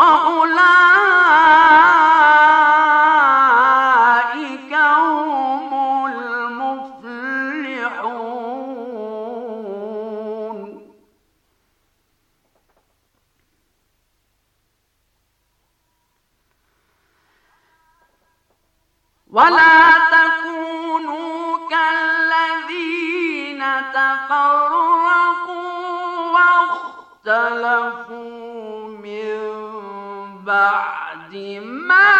وأولئك هم المفلحون ولا تكونوا كالذين تفرقوا واختلفوا بعد ما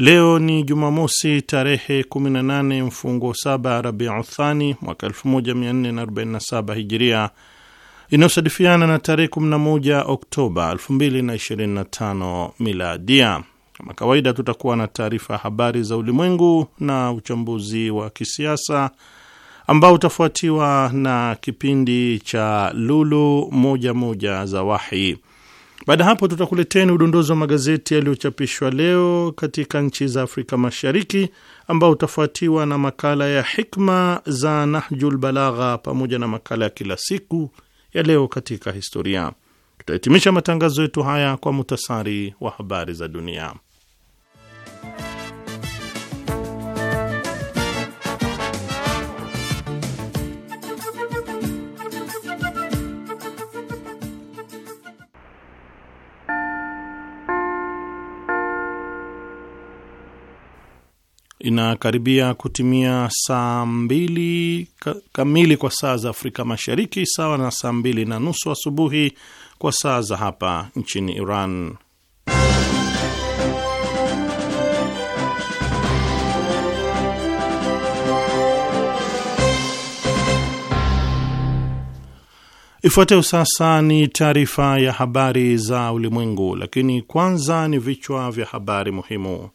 Leo ni Jumamosi tarehe 18 mfungo 7ab Rabiu Thani mwaka 1447 Hijiria, inayosadifiana na tarehe 11 Oktoba 2025 Miladia. Kama kawaida, tutakuwa na taarifa ya habari za ulimwengu na uchambuzi wa kisiasa ambao utafuatiwa na kipindi cha Lulu Moja Moja za Wahi. Baada ya hapo, tutakuleteni udondozi wa magazeti yaliyochapishwa leo katika nchi za Afrika Mashariki, ambao utafuatiwa na makala ya hikma za Nahjul Balagha pamoja na makala ya kila siku ya leo katika historia. Tutahitimisha matangazo yetu haya kwa muhtasari wa habari za dunia. inakaribia kutimia saa mbili kamili kwa saa za Afrika Mashariki, sawa na saa mbili na nusu asubuhi kwa saa za hapa nchini Iran. Ifuatayo sasa ni taarifa ya habari za ulimwengu, lakini kwanza ni vichwa vya habari muhimu.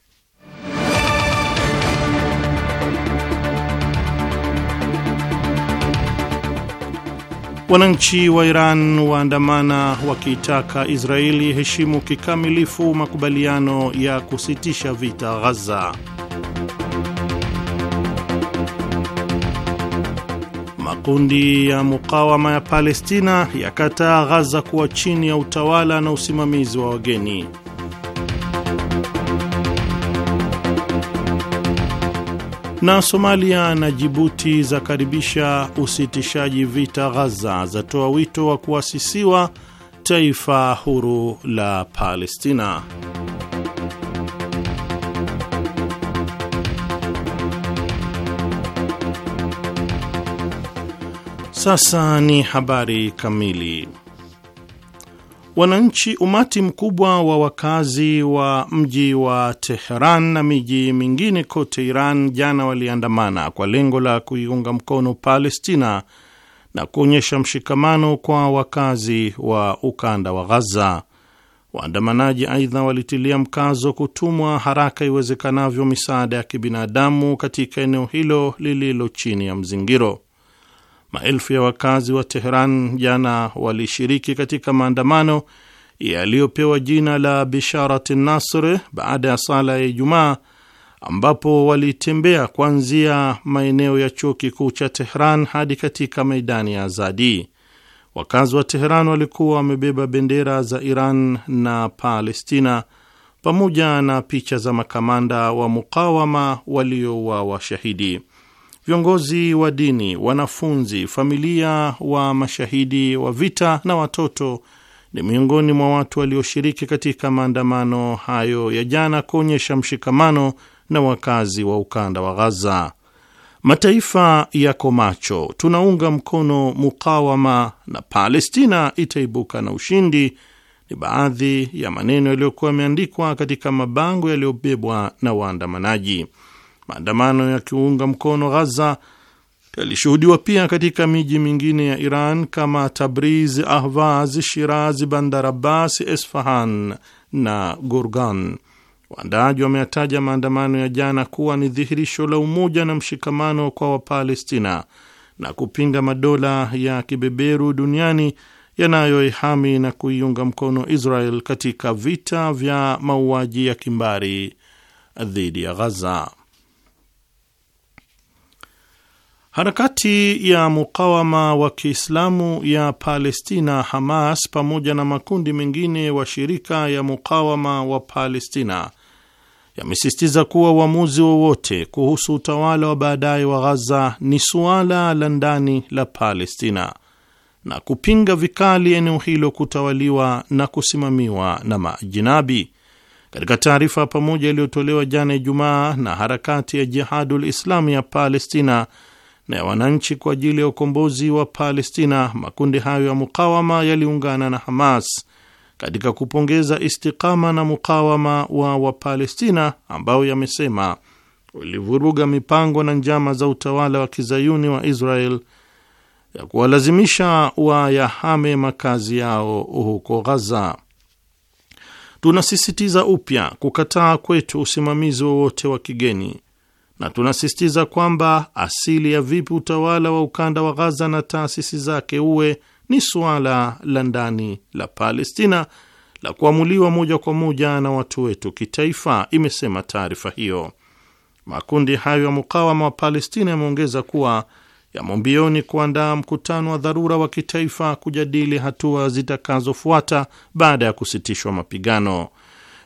Wananchi wa Iran waandamana wakiitaka Israeli heshimu kikamilifu makubaliano ya kusitisha vita Ghaza. Makundi ya mukawama ya Palestina yakataa Ghaza kuwa chini ya utawala na usimamizi wa wageni. Na Somalia na Jibuti zakaribisha usitishaji vita Ghaza, zatoa wito wa kuasisiwa taifa huru la Palestina. Sasa ni habari kamili. Wananchi, umati mkubwa wa wakazi wa mji wa Teheran na miji mingine kote Iran jana waliandamana kwa lengo la kuiunga mkono Palestina na kuonyesha mshikamano kwa wakazi wa ukanda wa Ghaza. Waandamanaji aidha walitilia mkazo kutumwa haraka iwezekanavyo misaada ya kibinadamu katika eneo hilo lililo chini ya mzingiro. Maelfu ya wakazi wa Teheran jana walishiriki katika maandamano yaliyopewa jina la Bisharat Nasr baada ya sala ya Ijumaa, ambapo walitembea kuanzia maeneo ya chuo kikuu cha Teheran hadi katika maidani ya Azadi. Wakazi wa Teheran walikuwa wamebeba bendera za Iran na Palestina pamoja na picha za makamanda wa mukawama waliouawa shahidi viongozi wa dini, wanafunzi, familia wa mashahidi wa vita na watoto ni miongoni mwa watu walioshiriki katika maandamano hayo ya jana kuonyesha mshikamano na wakazi wa ukanda wa Ghaza. Mataifa yako macho, tunaunga mkono mukawama na Palestina itaibuka na ushindi, ni baadhi ya maneno yaliyokuwa yameandikwa katika mabango yaliyobebwa na waandamanaji. Maandamano yakiunga mkono Ghaza yalishuhudiwa pia katika miji mingine ya Iran kama Tabriz, Ahvaz, Shiraz, Bandar Abbas, Esfahan na Gurgan. Waandaaji wameyataja maandamano ya jana kuwa ni dhihirisho la umoja na mshikamano kwa Wapalestina na kupinga madola ya kibeberu duniani yanayoihami na kuiunga mkono Israel katika vita vya mauaji ya kimbari dhidi ya Ghaza. Harakati ya mukawama wa Kiislamu ya Palestina Hamas pamoja na makundi mengine wa shirika ya mukawama wa Palestina yamesisitiza kuwa uamuzi wowote kuhusu utawala wa baadaye wa Ghaza ni suala la ndani la Palestina na kupinga vikali eneo hilo kutawaliwa na kusimamiwa na majinabi. Katika taarifa pamoja iliyotolewa jana Ijumaa na harakati ya Jihadul islamu ya Palestina na ya wananchi kwa ajili ya ukombozi wa Palestina, makundi hayo ya mukawama yaliungana na Hamas katika kupongeza istikama na mukawama wa Wapalestina ambao yamesema ulivuruga mipango na njama za utawala wa kizayuni wa Israel ya kuwalazimisha wayahame makazi yao huko Ghaza. Tunasisitiza upya kukataa kwetu usimamizi wowote wa kigeni na tunasisitiza kwamba asili ya vipi utawala wa ukanda wa Ghaza na taasisi zake uwe ni suala la ndani la Palestina la kuamuliwa moja kwa moja na watu wetu kitaifa, imesema taarifa hiyo. Makundi hayo ya mukawama wa Palestina yameongeza kuwa yamo mbioni kuandaa mkutano wa dharura wa kitaifa kujadili hatua zitakazofuata baada ya kusitishwa mapigano.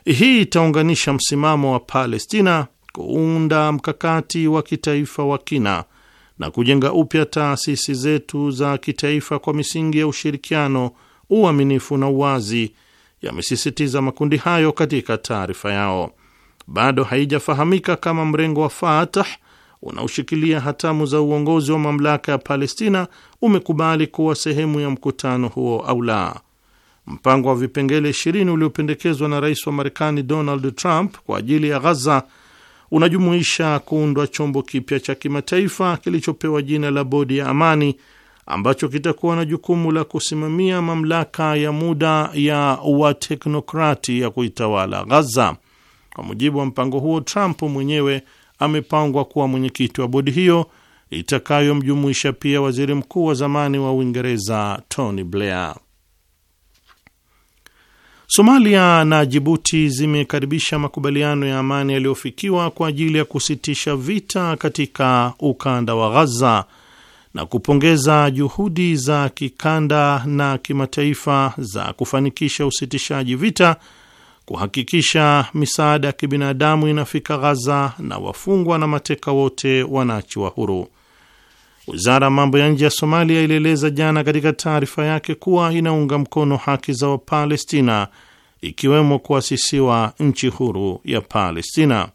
Hii itaunganisha msimamo wa Palestina kuunda mkakati wa kitaifa wa kina na kujenga upya taasisi zetu za kitaifa kwa misingi ya ushirikiano, uaminifu na uwazi, yamesisitiza makundi hayo katika taarifa yao. Bado haijafahamika kama mrengo wa Fatah unaoshikilia hatamu za uongozi wa mamlaka ya Palestina umekubali kuwa sehemu ya mkutano huo au la. Mpango wa vipengele 20 uliopendekezwa na rais wa Marekani Donald Trump kwa ajili ya Ghaza unajumuisha kuundwa chombo kipya cha kimataifa kilichopewa jina la Bodi ya Amani ambacho kitakuwa na jukumu la kusimamia mamlaka ya muda ya wateknokrati ya kuitawala Ghaza. Kwa mujibu wa mpango huo, Trump mwenyewe amepangwa kuwa mwenyekiti wa bodi hiyo itakayomjumuisha pia waziri mkuu wa zamani wa Uingereza Tony Blair. Somalia na Jibuti zimekaribisha makubaliano ya amani yaliyofikiwa kwa ajili ya kusitisha vita katika ukanda wa Ghaza na kupongeza juhudi za kikanda na kimataifa za kufanikisha usitishaji vita, kuhakikisha misaada ya kibinadamu inafika Ghaza na wafungwa na mateka wote wanaachiwa huru. Wizara ya mambo ya nje ya Somalia ilieleza jana katika taarifa yake kuwa inaunga mkono haki za Wapalestina, ikiwemo kuasisiwa nchi huru ya Palestina.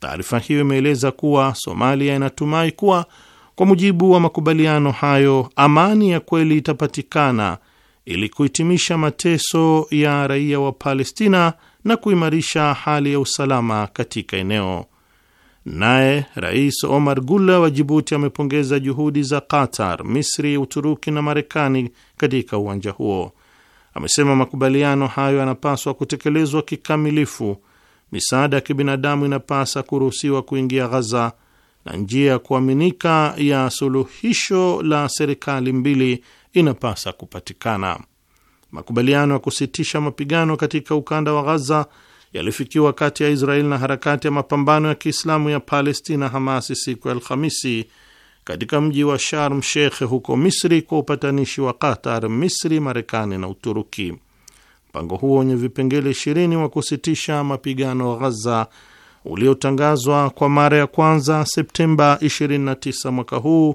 Taarifa hiyo imeeleza kuwa Somalia inatumai kuwa kwa mujibu wa makubaliano hayo, amani ya kweli itapatikana ili kuhitimisha mateso ya raia wa Palestina na kuimarisha hali ya usalama katika eneo. Naye Rais Omar Gula wa Jibuti amepongeza juhudi za Qatar, Misri, Uturuki na Marekani katika uwanja huo. Amesema makubaliano hayo yanapaswa kutekelezwa kikamilifu. Misaada ya kibinadamu inapasa kuruhusiwa kuingia Ghaza, na njia ya kuaminika ya suluhisho la serikali mbili inapasa kupatikana. Makubaliano ya kusitisha mapigano katika ukanda wa Ghaza yalifikiwa kati ya Israeli na harakati ya mapambano ya Kiislamu ya Palestina Hamasi siku ya Alhamisi katika mji wa Sharm Sheikh huko Misri kwa upatanishi wa Qatar, Misri, Marekani na Uturuki. Mpango huo wenye vipengele ishirini wa kusitisha mapigano Ghaza uliotangazwa kwa mara ya kwanza Septemba 29 mwaka huu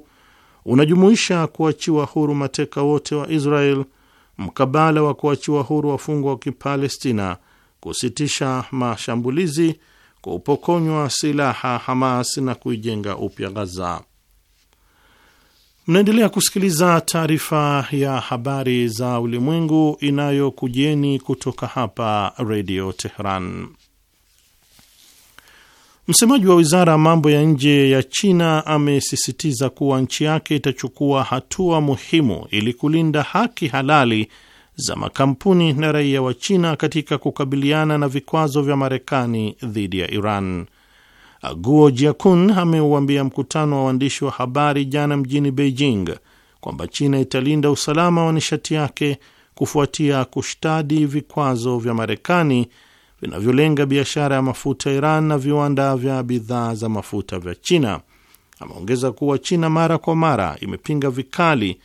unajumuisha kuachiwa huru mateka wote wa Israel mkabala wa kuachiwa huru wafungwa wa Kipalestina kusitisha mashambulizi, kupokonywa silaha Hamas na kuijenga upya Gaza. Mnaendelea kusikiliza taarifa ya habari za ulimwengu inayokujieni kutoka hapa Redio Teheran. Msemaji wa wizara ya mambo ya nje ya China amesisitiza kuwa nchi yake itachukua hatua muhimu ili kulinda haki halali za makampuni na raia wa China katika kukabiliana na vikwazo vya Marekani dhidi ya Iran. Guo Jiakun ameuambia mkutano wa waandishi wa habari jana mjini Beijing kwamba China italinda usalama wa nishati yake kufuatia kushtadi vikwazo vya Marekani vinavyolenga biashara ya mafuta Iran na viwanda vya bidhaa za mafuta vya China. Ameongeza kuwa China mara kwa mara imepinga vikali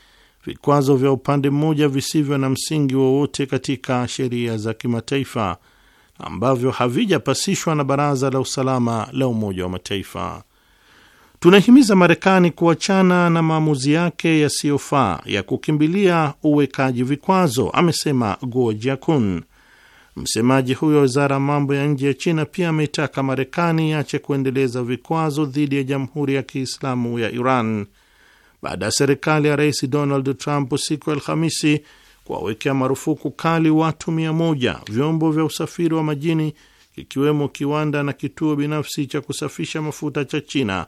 vikwazo vya upande mmoja visivyo na msingi wowote katika sheria za kimataifa ambavyo havijapasishwa na Baraza la Usalama la Umoja wa Mataifa. Tunahimiza Marekani kuachana na maamuzi yake yasiyofaa ya kukimbilia uwekaji vikwazo, amesema Guo Jiakun. Msemaji huyo wa wizara ya mambo ya nje ya China pia ameitaka Marekani iache kuendeleza vikwazo dhidi ya Jamhuri ya Kiislamu ya Iran baada ya serikali ya Rais Donald Trump siku ya Alhamisi kuwawekea marufuku kali watu mia moja vyombo vya usafiri wa majini kikiwemo kiwanda na kituo binafsi cha kusafisha mafuta cha China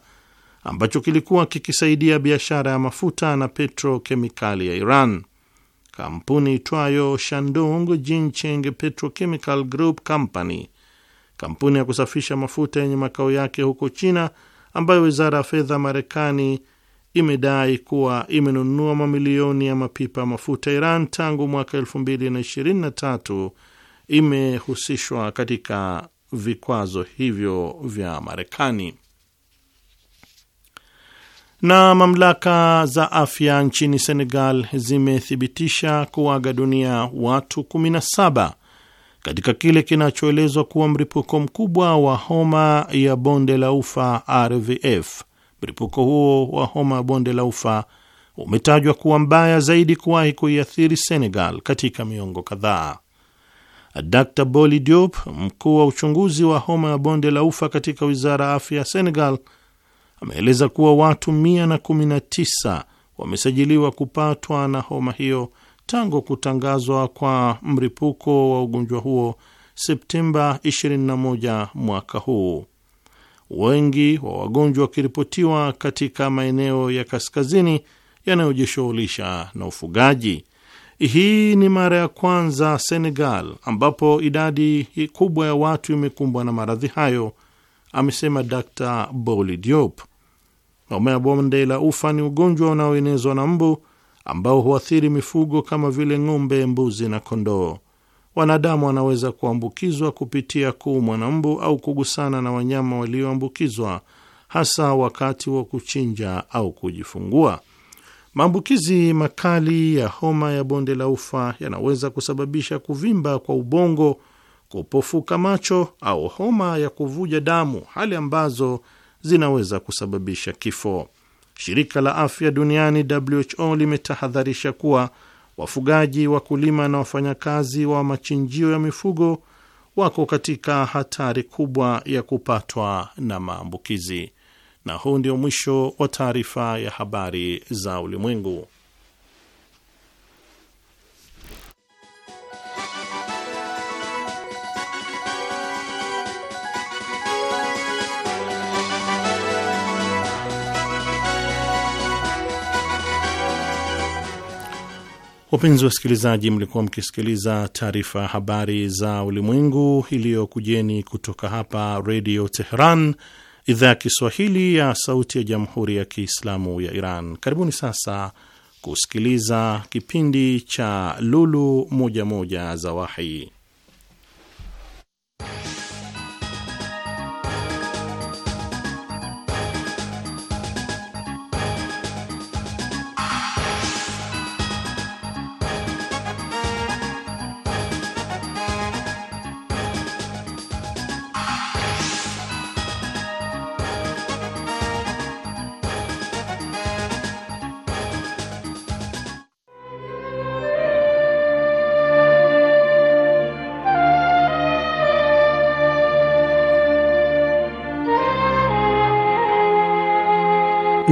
ambacho kilikuwa kikisaidia biashara ya mafuta na petrokemikali ya Iran. Kampuni itwayo Shandong Jincheng Petrochemical Group Company, kampuni ya kusafisha mafuta yenye makao yake huko China, ambayo wizara ya fedha Marekani imedai kuwa imenunua mamilioni ya mapipa ya mafuta Iran tangu mwaka tatu imehusishwa katika vikwazo hivyo vya Marekani. Na mamlaka za afya nchini Senegal zimethibitisha kuaga dunia watu 17 katika kile kinachoelezwa kuwa mlipuko mkubwa wa homa ya bonde la ufa RVF Mlipuko huo wa homa ya bonde la ufa umetajwa kuwa mbaya zaidi kuwahi kuiathiri Senegal katika miongo kadhaa. Dr Boli Diop, mkuu wa uchunguzi wa homa ya bonde la ufa katika wizara ya afya ya Senegal, ameeleza kuwa watu 119 wamesajiliwa kupatwa na homa hiyo tangu kutangazwa kwa mripuko wa ugonjwa huo Septemba 21 mwaka huu wengi wa wagonjwa wakiripotiwa katika maeneo ya kaskazini yanayojishughulisha na ufugaji. Hii ni mara ya kwanza Senegal ambapo idadi kubwa ya watu imekumbwa na maradhi hayo, amesema Dr Boli Diop. Homa ya bonde la ufa ni ugonjwa unaoenezwa na mbu ambao huathiri mifugo kama vile ng'ombe, mbuzi na kondoo wanadamu wanaweza kuambukizwa kupitia kuumwa na mbu au kugusana na wanyama walioambukizwa, hasa wakati wa kuchinja au kujifungua. Maambukizi makali ya homa ya bonde la ufa yanaweza kusababisha kuvimba kwa ubongo, kupofuka macho au homa ya kuvuja damu, hali ambazo zinaweza kusababisha kifo. Shirika la Afya Duniani, WHO, limetahadharisha kuwa Wafugaji, wakulima na wafanyakazi wa machinjio ya mifugo wako katika hatari kubwa ya kupatwa na maambukizi. Na huu ndio mwisho wa taarifa ya habari za ulimwengu. Wapenzi wasikilizaji, mlikuwa mkisikiliza taarifa ya habari za ulimwengu iliyokujeni kutoka hapa Redio Teheran, idhaa ya Kiswahili ya sauti ya jamhuri ya Kiislamu ya Iran. Karibuni sasa kusikiliza kipindi cha Lulu Moja Moja za Wahi.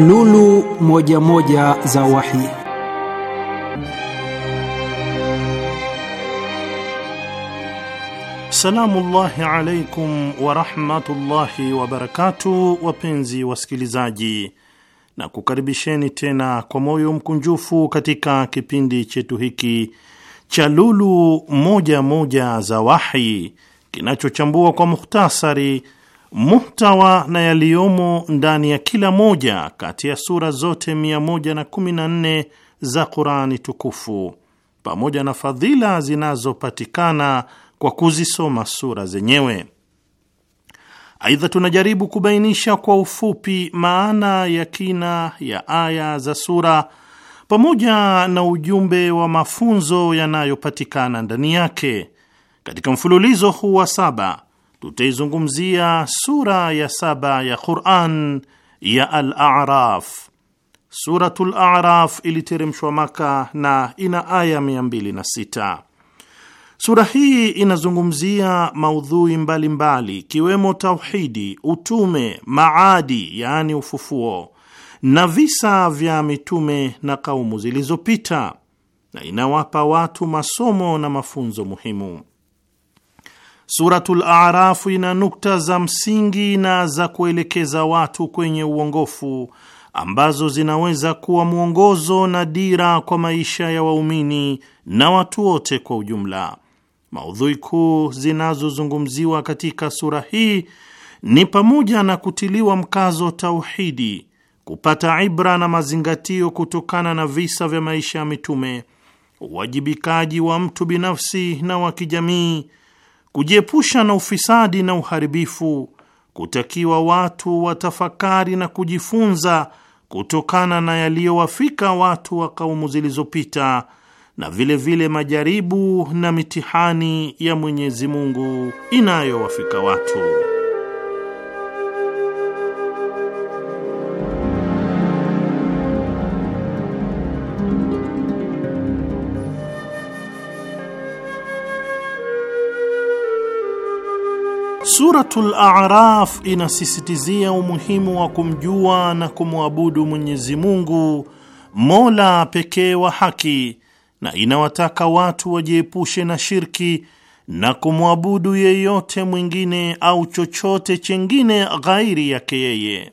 Lulu moja moja za Wahi. Salamullahi alaikum warahmatullahi wabarakatu, wapenzi wasikilizaji, na kukaribisheni tena kwa moyo mkunjufu katika kipindi chetu hiki cha Lulu moja moja za Wahi kinachochambua kwa mukhtasari muhtawa na yaliyomo ndani ya kila moja kati ya sura zote 114 za Qurani tukufu pamoja na fadhila zinazopatikana kwa kuzisoma sura zenyewe. Aidha, tunajaribu kubainisha kwa ufupi maana ya kina ya aya za sura pamoja na ujumbe wa mafunzo yanayopatikana ndani yake. Katika mfululizo huu wa saba tutaizungumzia sura ya saba ya Quran ya Al-A'raf. Suratul A'raf iliteremshwa Maka na ina aya 206. Sura hii inazungumzia maudhui mbalimbali ikiwemo mbali, tauhidi, utume, maadi yaani ufufuo na visa vya mitume na kaumu zilizopita na inawapa watu masomo na mafunzo muhimu. Suratul Arafu ina nukta za msingi na za kuelekeza watu kwenye uongofu ambazo zinaweza kuwa mwongozo na dira kwa maisha ya waumini na watu wote kwa ujumla. Maudhui kuu zinazozungumziwa katika sura hii ni pamoja na kutiliwa mkazo tauhidi, kupata ibra na mazingatio kutokana na visa vya maisha ya mitume, uwajibikaji wa mtu binafsi na wa kijamii kujiepusha na ufisadi na uharibifu, kutakiwa watu watafakari na kujifunza kutokana na yaliyowafika watu wa kaumu zilizopita na vilevile vile majaribu na mitihani ya Mwenyezi Mungu inayowafika watu. Suratul A'raf inasisitizia umuhimu wa kumjua na kumwabudu Mwenyezi Mungu Mola pekee wa haki na inawataka watu wajiepushe na shirki na kumwabudu yeyote mwingine au chochote chengine ghairi yake yeye.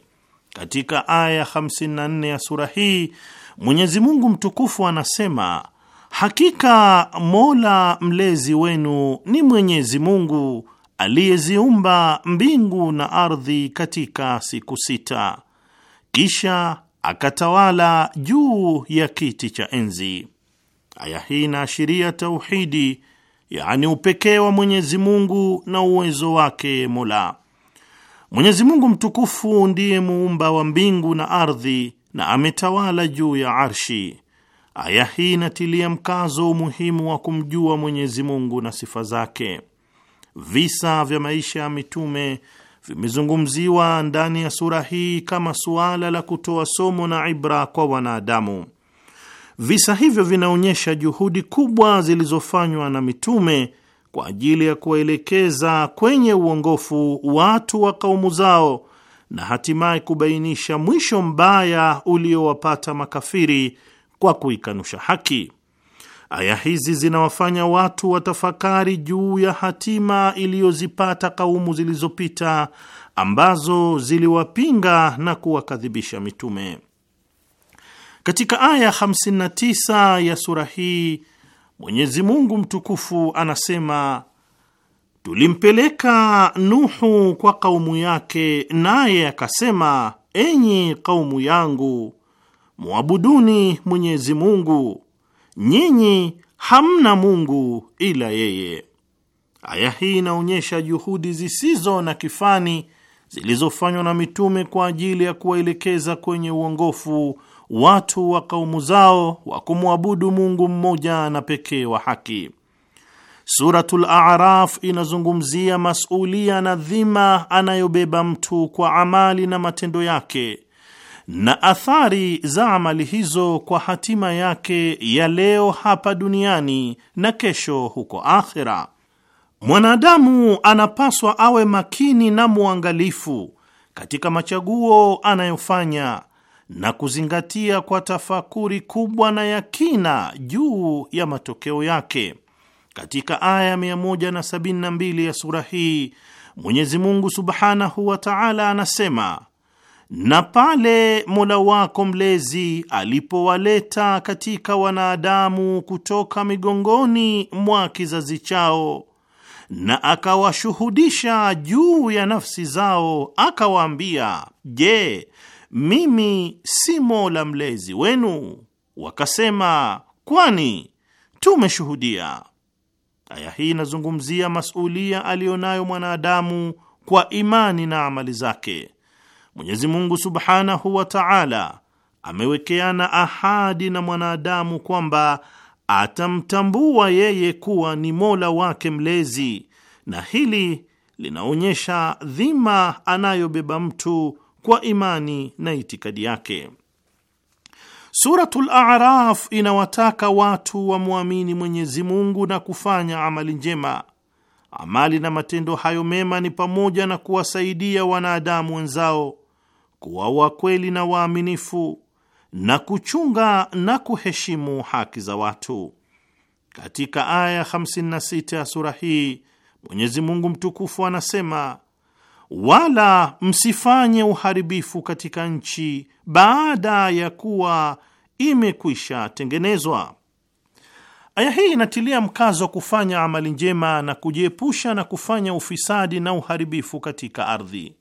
Katika aya 54 ya sura hii Mwenyezi Mungu mtukufu anasema, hakika Mola mlezi wenu ni Mwenyezi Mungu aliyeziumba mbingu na ardhi katika siku sita, kisha akatawala juu ya kiti cha enzi. Aya hii inaashiria tauhidi, yaani upekee wa Mwenyezi Mungu na uwezo wake Mola. Mwenyezi Mungu mtukufu ndiye muumba wa mbingu na ardhi na ametawala juu ya arshi. Aya hii inatilia mkazo umuhimu wa kumjua Mwenyezi Mungu na sifa zake. Visa vya maisha ya mitume vimezungumziwa ndani ya sura hii kama suala la kutoa somo na ibra kwa wanadamu. Visa hivyo vinaonyesha juhudi kubwa zilizofanywa na mitume kwa ajili ya kuwaelekeza kwenye uongofu watu wa kaumu zao na hatimaye kubainisha mwisho mbaya uliowapata makafiri kwa kuikanusha haki. Aya hizi zinawafanya watu watafakari juu ya hatima iliyozipata kaumu zilizopita ambazo ziliwapinga na kuwakadhibisha mitume. Katika aya 59 ya sura hii Mwenyezi Mungu mtukufu anasema, tulimpeleka Nuhu kwa kaumu yake, naye akasema, enyi kaumu yangu mwabuduni Mwenyezi Mungu nyinyi hamna Mungu ila yeye. Aya hii inaonyesha juhudi zisizo na kifani zilizofanywa na mitume kwa ajili ya kuwaelekeza kwenye uongofu watu wa kaumu zao wa kumwabudu Mungu mmoja na pekee wa haki. Suratul A'raf inazungumzia masulia na dhima anayobeba mtu kwa amali na matendo yake na athari za amali hizo kwa hatima yake ya leo hapa duniani na kesho huko akhera. Mwanadamu anapaswa awe makini na mwangalifu katika machaguo anayofanya na kuzingatia kwa tafakuri kubwa na ya kina juu ya matokeo yake. Katika aya 172 ya sura hii Mwenyezi Mungu subhanahu wa taala anasema na pale Mola wako mlezi alipowaleta katika wanadamu kutoka migongoni mwa kizazi chao na akawashuhudisha juu ya nafsi zao, akawaambia, Je, mimi si Mola mlezi wenu? Wakasema, kwani tumeshuhudia. Aya hii inazungumzia masulia aliyonayo mwanadamu kwa imani na amali zake. Mwenyezi Mungu subhanahu wa taala amewekeana ahadi na mwanadamu kwamba atamtambua yeye kuwa ni mola wake mlezi, na hili linaonyesha dhima anayobeba mtu kwa imani na itikadi yake. Suratul Araf inawataka watu wamwamini Mwenyezi Mungu na kufanya amali njema. Amali na matendo hayo mema ni pamoja na kuwasaidia wanadamu wenzao kuwa wakweli na waaminifu na kuchunga na kuheshimu haki za watu. Katika aya 56 ya sura hii Mwenyezi Mungu mtukufu anasema, wala msifanye uharibifu katika nchi baada ya kuwa imekwisha tengenezwa. Aya hii inatilia mkazo kufanya amali njema na kujiepusha na kufanya ufisadi na uharibifu katika ardhi.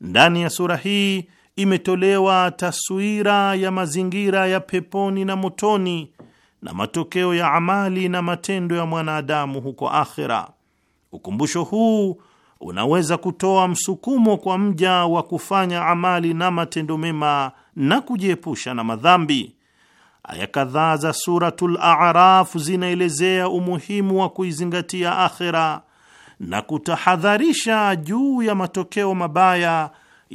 Ndani ya sura hii imetolewa taswira ya mazingira ya peponi na motoni na matokeo ya amali na matendo ya mwanadamu huko akhira. Ukumbusho huu unaweza kutoa msukumo kwa mja wa kufanya amali na matendo mema na kujiepusha na madhambi. Aya kadhaa za Suratul Araf zinaelezea umuhimu wa kuizingatia akhira na kutahadharisha juu ya matokeo mabaya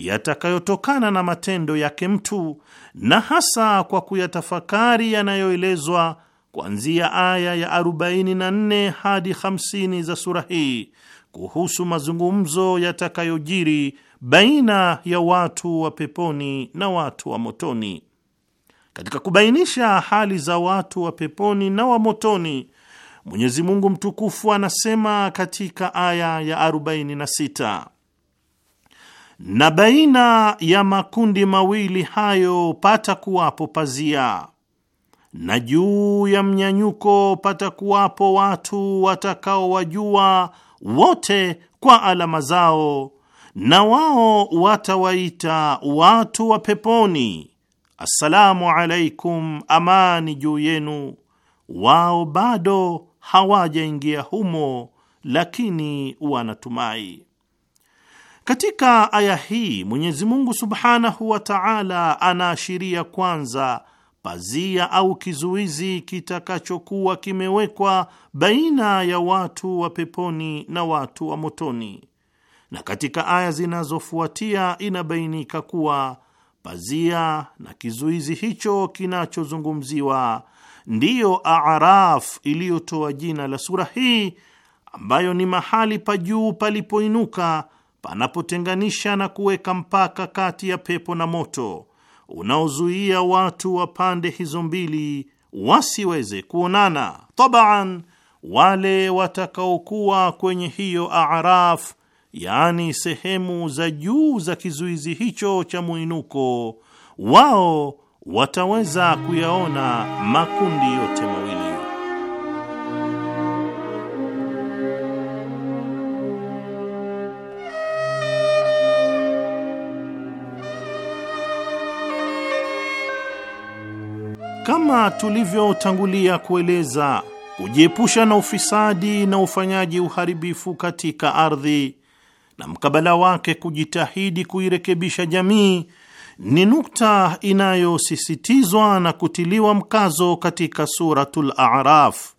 yatakayotokana na matendo yake mtu, na hasa kwa kuyatafakari yanayoelezwa kuanzia aya ya 44 hadi 50 za sura hii kuhusu mazungumzo yatakayojiri baina ya watu wa peponi na watu wa motoni. Katika kubainisha hali za watu wa peponi na wa motoni, Mwenyezi Mungu mtukufu anasema katika aya ya 46: na baina ya makundi mawili hayo pata kuwapo pazia, na juu ya mnyanyuko pata kuwapo watu watakaowajua wote kwa alama zao, na wao watawaita watu wa peponi, assalamu alaikum, amani juu yenu. Wao bado hawajaingia humo, lakini wanatumai. Katika aya hii Mwenyezi Mungu subhanahu wa taala anaashiria kwanza pazia au kizuizi kitakachokuwa kimewekwa baina ya watu wa peponi na watu wa motoni, na katika aya zinazofuatia inabainika kuwa pazia na kizuizi hicho kinachozungumziwa ndiyo araf iliyotoa jina la sura hii, ambayo ni mahali pa juu palipoinuka panapotenganisha na kuweka mpaka kati ya pepo na moto unaozuia watu wa pande hizo mbili wasiweze kuonana. Tabaan, wale watakaokuwa kwenye hiyo araf, yaani sehemu za juu za kizuizi hicho cha mwinuko, wao wataweza kuyaona makundi yote mawili. Kama tulivyotangulia kueleza, kujiepusha na ufisadi na ufanyaji uharibifu katika ardhi na mkabala wake kujitahidi kuirekebisha jamii ni nukta inayosisitizwa na kutiliwa mkazo katika Suratul Araf.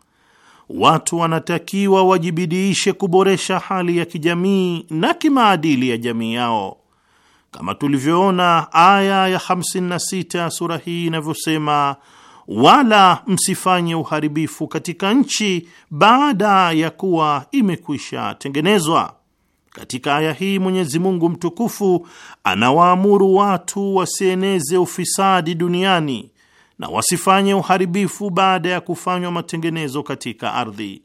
Watu wanatakiwa wajibidiishe kuboresha hali ya kijamii na kimaadili ya jamii yao, kama tulivyoona aya ya 56 ya sura hii inavyosema: wala msifanye uharibifu katika nchi baada ya kuwa imekwisha tengenezwa. Katika aya hii Mwenyezi Mungu mtukufu anawaamuru watu wasieneze ufisadi duniani na wasifanye uharibifu baada ya kufanywa matengenezo katika ardhi.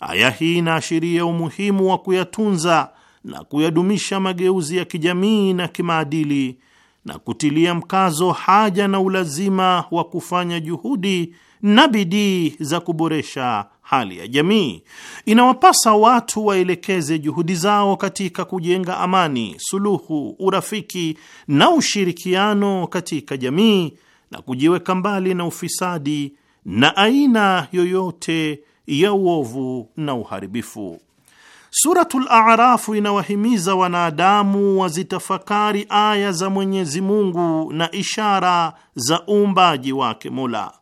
Aya hii inaashiria umuhimu wa kuyatunza na kuyadumisha mageuzi ya kijamii na kimaadili na kutilia mkazo haja na ulazima wa kufanya juhudi na bidii za kuboresha hali ya jamii. Inawapasa watu waelekeze juhudi zao katika kujenga amani, suluhu, urafiki na ushirikiano katika jamii na kujiweka mbali na ufisadi na aina yoyote ya uovu na uharibifu. Suratul Aarafu inawahimiza wanadamu wazitafakari aya za Mwenyezi Mungu na ishara za uumbaji wake Mola.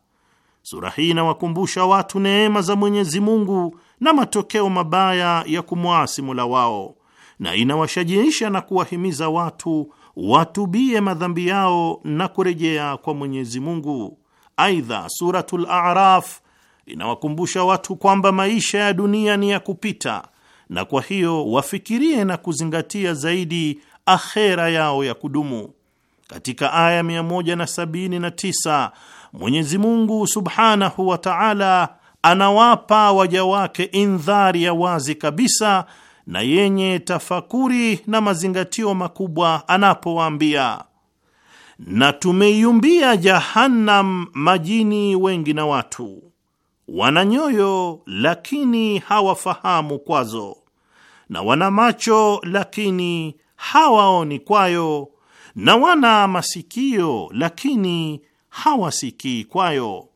Sura hii inawakumbusha watu neema za Mwenyezi Mungu na matokeo mabaya ya kumwasi Mola wao, na inawashajiisha na kuwahimiza watu watubie madhambi yao na kurejea kwa Mwenyezi Mungu. Aidha, Suratul Araf inawakumbusha watu kwamba maisha ya dunia ni ya kupita na kwa hiyo wafikirie na kuzingatia zaidi akhera yao ya kudumu. Katika aya 179 Mwenyezi Mungu subhanahu wa taala anawapa waja wake indhari ya wazi kabisa na yenye tafakuri na mazingatio makubwa anapowaambia, na tumeiumbia Jahannam majini wengi na watu wana nyoyo lakini hawafahamu kwazo, na wana macho lakini hawaoni kwayo, na wana masikio lakini hawasikii kwayo.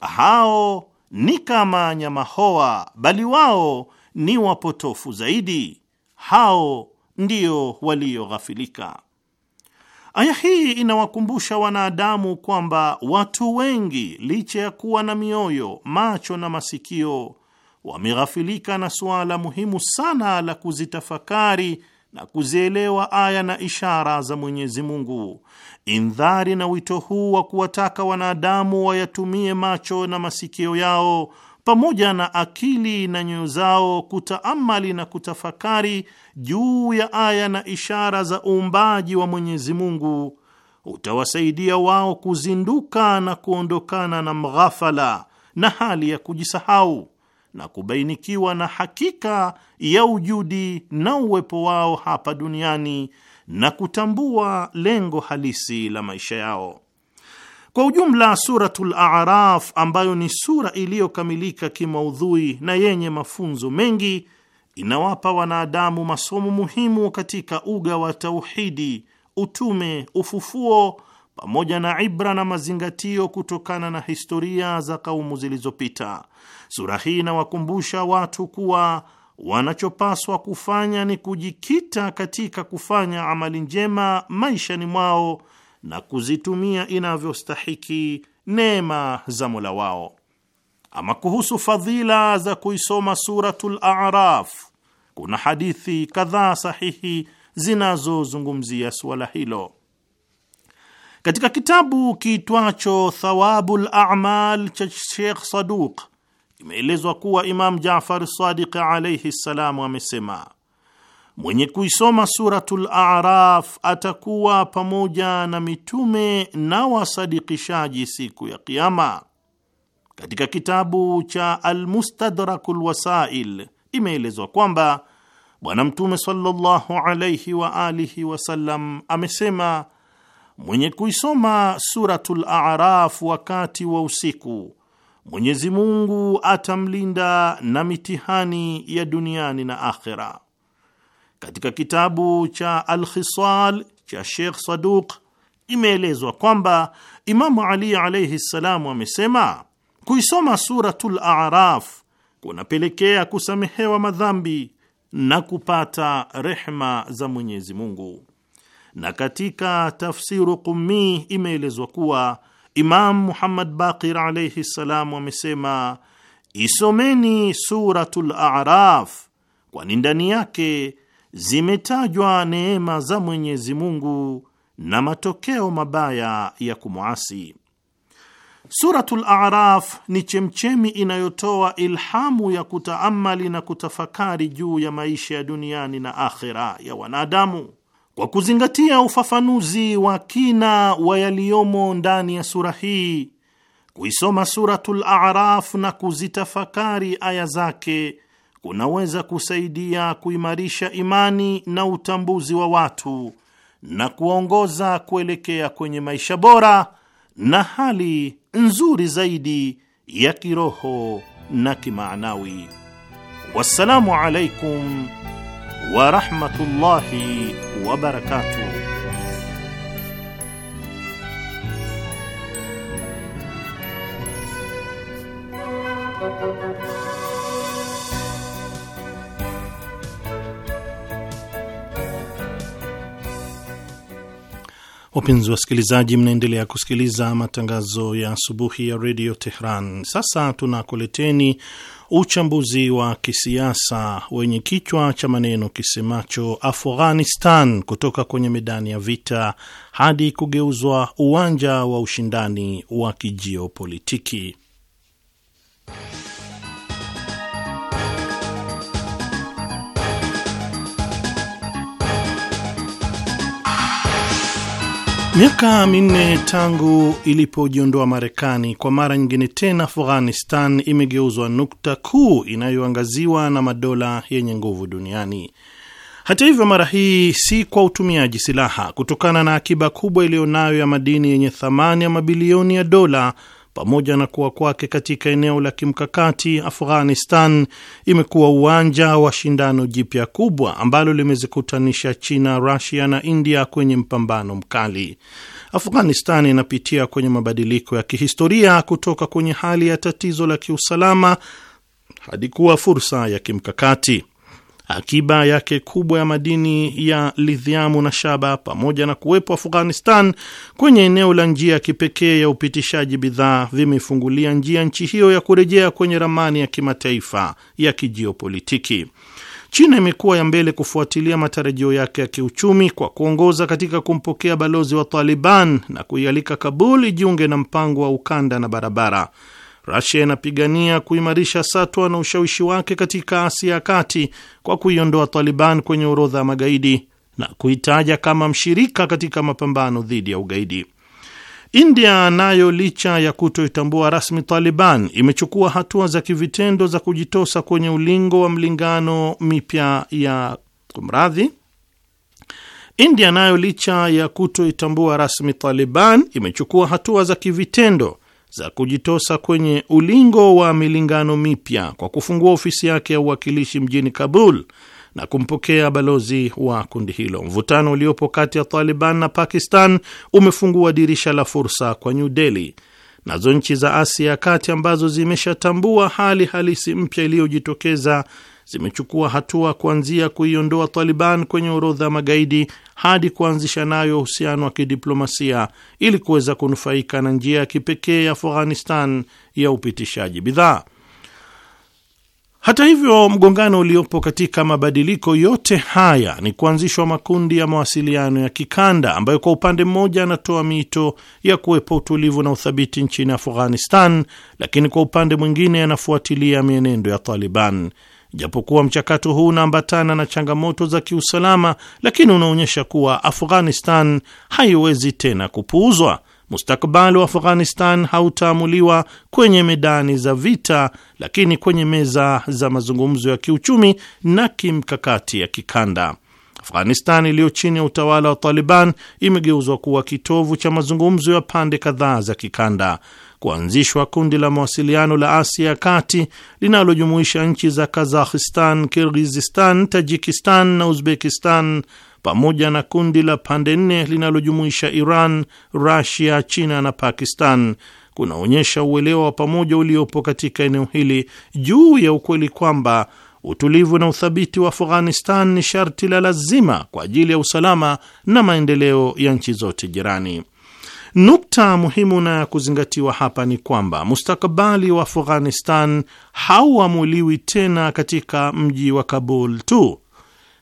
Hao ni kama nyama hoa, bali wao ni wapotofu zaidi. Hao ndio walioghafilika. Aya hii inawakumbusha wanadamu kwamba watu wengi, licha ya kuwa na mioyo, macho na masikio, wameghafilika na suala muhimu sana la kuzitafakari na kuzielewa aya na ishara za Mwenyezi Mungu. Indhari na wito huu wa kuwataka wanadamu wayatumie macho na masikio yao pamoja na akili na nyoyo zao kutaamali na kutafakari juu ya aya na ishara za uumbaji wa Mwenyezi Mungu utawasaidia wao kuzinduka na kuondokana na mghafala na hali ya kujisahau na kubainikiwa na hakika ya ujudi na uwepo wao hapa duniani na kutambua lengo halisi la maisha yao. Kwa ujumla, Suratul Araf ambayo ni sura iliyokamilika kimaudhui na yenye mafunzo mengi inawapa wanadamu masomo muhimu katika uga wa tauhidi, utume, ufufuo pamoja na ibra na mazingatio kutokana na historia za kaumu zilizopita. Sura hii inawakumbusha watu kuwa wanachopaswa kufanya ni kujikita katika kufanya amali njema maishani mwao na kuzitumia inavyostahiki neema za Mola wao. Ama kuhusu fadhila za kuisoma Suratul Araf, kuna hadithi kadhaa sahihi zinazozungumzia suala hilo. Katika kitabu kiitwacho Thawabul A'mal cha Sheikh Saduq imeelezwa kuwa Imam Jafar Sadiq alayhi ssalam amesema mwenye kuisoma Suratul Araf atakuwa pamoja na mitume na wasadikishaji siku ya Kiama. Katika kitabu cha Almustadraku Lwasail imeelezwa kwamba Bwana Mtume sallallahu wa alihi wasallam amesema, mwenye kuisoma Suratul Araf wakati wa usiku Mwenyezi Mungu atamlinda na mitihani ya duniani na akhera. Katika kitabu cha alkhisal cha Sheikh Saduq imeelezwa kwamba Imamu Ali alaihi ssalam amesema kuisoma Suratul Araf kunapelekea kusamehewa madhambi na kupata rehma za Mwenyezi Mungu. Na katika Tafsiru Qummi imeelezwa kuwa Imam Muhammad Baqir alaihi ssalam amesema isomeni Suratul Araf, kwani ndani yake zimetajwa neema za Mwenyezi Mungu na matokeo mabaya ya kumwasi. Suratul Araf ni chemchemi inayotoa ilhamu ya kutaamali na kutafakari juu ya maisha ya duniani na akhera ya wanadamu kwa kuzingatia ufafanuzi wa kina wa yaliyomo ndani ya sura hii. Kuisoma Suratul Araf na kuzitafakari aya zake kunaweza kusaidia kuimarisha imani na utambuzi wa watu na kuwaongoza kuelekea kwenye maisha bora na hali nzuri zaidi ya kiroho na kimaanawi. Wassalamu alaikum warahmatullahi wabarakatuh. Wapenzi wasikilizaji, mnaendelea kusikiliza matangazo ya asubuhi ya redio Tehran. Sasa tunakuleteni uchambuzi wa kisiasa wenye kichwa cha maneno kisemacho Afghanistan kutoka kwenye medani ya vita hadi kugeuzwa uwanja wa ushindani wa kijiopolitiki. Miaka minne tangu ilipojiondoa Marekani, kwa mara nyingine tena Afghanistan imegeuzwa nukta kuu inayoangaziwa na madola yenye nguvu duniani. Hata hivyo, mara hii si kwa utumiaji silaha. Kutokana na akiba kubwa iliyonayo ya madini yenye thamani ya mabilioni ya dola pamoja na kuwa kwake katika eneo la kimkakati, Afghanistan imekuwa uwanja wa shindano jipya kubwa ambalo limezikutanisha China, Rusia na India kwenye mpambano mkali. Afghanistan inapitia kwenye mabadiliko ya kihistoria kutoka kwenye hali ya tatizo la kiusalama hadi kuwa fursa ya kimkakati akiba yake kubwa ya madini ya lithiamu na shaba, pamoja na kuwepo Afghanistan kwenye eneo la njia ya kipekee ya upitishaji bidhaa, vimefungulia njia nchi hiyo ya kurejea kwenye ramani ya kimataifa ya kijiopolitiki. China imekuwa ya mbele kufuatilia matarajio yake ya kiuchumi kwa kuongoza katika kumpokea balozi wa Taliban na kuialika Kabul ijiunge na mpango wa ukanda na barabara Rasia inapigania kuimarisha satwa na ushawishi wake katika Asia ya Kati kwa kuiondoa Taliban kwenye orodha ya magaidi na kuitaja kama mshirika katika mapambano dhidi ya ugaidi. India nayo, licha ya kutoitambua rasmi Taliban, imechukua hatua za kivitendo za kujitosa kwenye ulingo wa mlingano mipya ya kumradhi India nayo licha ya kutoitambua rasmi Taliban imechukua hatua za kivitendo za kujitosa kwenye ulingo wa milingano mipya kwa kufungua ofisi yake ya uwakilishi mjini Kabul na kumpokea balozi wa kundi hilo. Mvutano uliopo kati ya Taliban na Pakistan umefungua dirisha la fursa kwa New Delhi. Nazo nchi za Asia ya kati ambazo zimeshatambua hali halisi mpya iliyojitokeza zimechukua hatua kuanzia kuiondoa Taliban kwenye orodha ya magaidi hadi kuanzisha nayo uhusiano wa kidiplomasia ili kuweza kunufaika na njia ya kipekee ya Afghanistan ya upitishaji bidhaa. Hata hivyo, mgongano uliopo katika mabadiliko yote haya ni kuanzishwa makundi ya mawasiliano ya kikanda ambayo kwa upande mmoja anatoa miito ya kuwepo utulivu na uthabiti nchini Afghanistan, lakini kwa upande mwingine yanafuatilia mienendo ya Taliban. Japokuwa mchakato huu unaambatana na changamoto za kiusalama, lakini unaonyesha kuwa Afghanistan haiwezi tena kupuuzwa. Mustakbali wa Afghanistan hautaamuliwa kwenye medani za vita, lakini kwenye meza za mazungumzo ya kiuchumi na kimkakati ya kikanda. Afghanistan iliyo chini ya utawala wa Taliban imegeuzwa kuwa kitovu cha mazungumzo ya pande kadhaa za kikanda kuanzishwa kundi la mawasiliano la Asia ya Kati linalojumuisha nchi za Kazakhistan, Kirgizistan, Tajikistan na Uzbekistan pamoja na kundi la pande nne linalojumuisha Iran, Rusia, China na Pakistan kunaonyesha uelewa wa pamoja uliopo katika eneo hili juu ya ukweli kwamba utulivu na uthabiti wa Afghanistan ni sharti la lazima kwa ajili ya usalama na maendeleo ya nchi zote jirani. Nukta muhimu na ya kuzingatiwa hapa ni kwamba mustakabali wa Afghanistan hauamuliwi tena katika mji wa Kabul tu.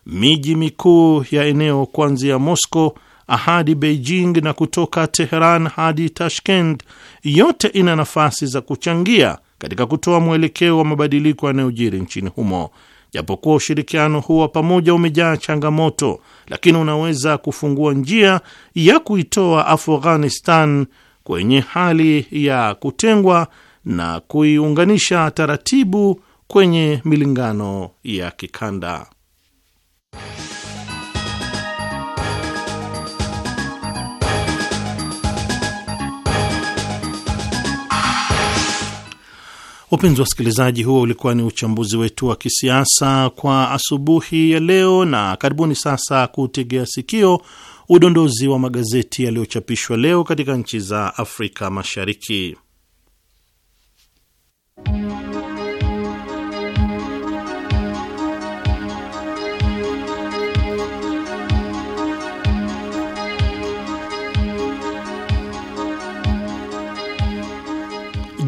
Miji mikuu ya eneo kuanzia Moscow hadi Beijing na kutoka Teheran hadi Tashkent, yote ina nafasi za kuchangia katika kutoa mwelekeo wa mabadiliko yanayojiri nchini humo. Japokuwa ushirikiano huu wa pamoja umejaa changamoto, lakini unaweza kufungua njia ya kuitoa Afghanistan kwenye hali ya kutengwa na kuiunganisha taratibu kwenye milingano ya kikanda. Wapenzi wasikilizaji, huo ulikuwa ni uchambuzi wetu wa kisiasa kwa asubuhi ya leo, na karibuni sasa kutegea sikio udondozi wa magazeti yaliyochapishwa leo katika nchi za Afrika Mashariki.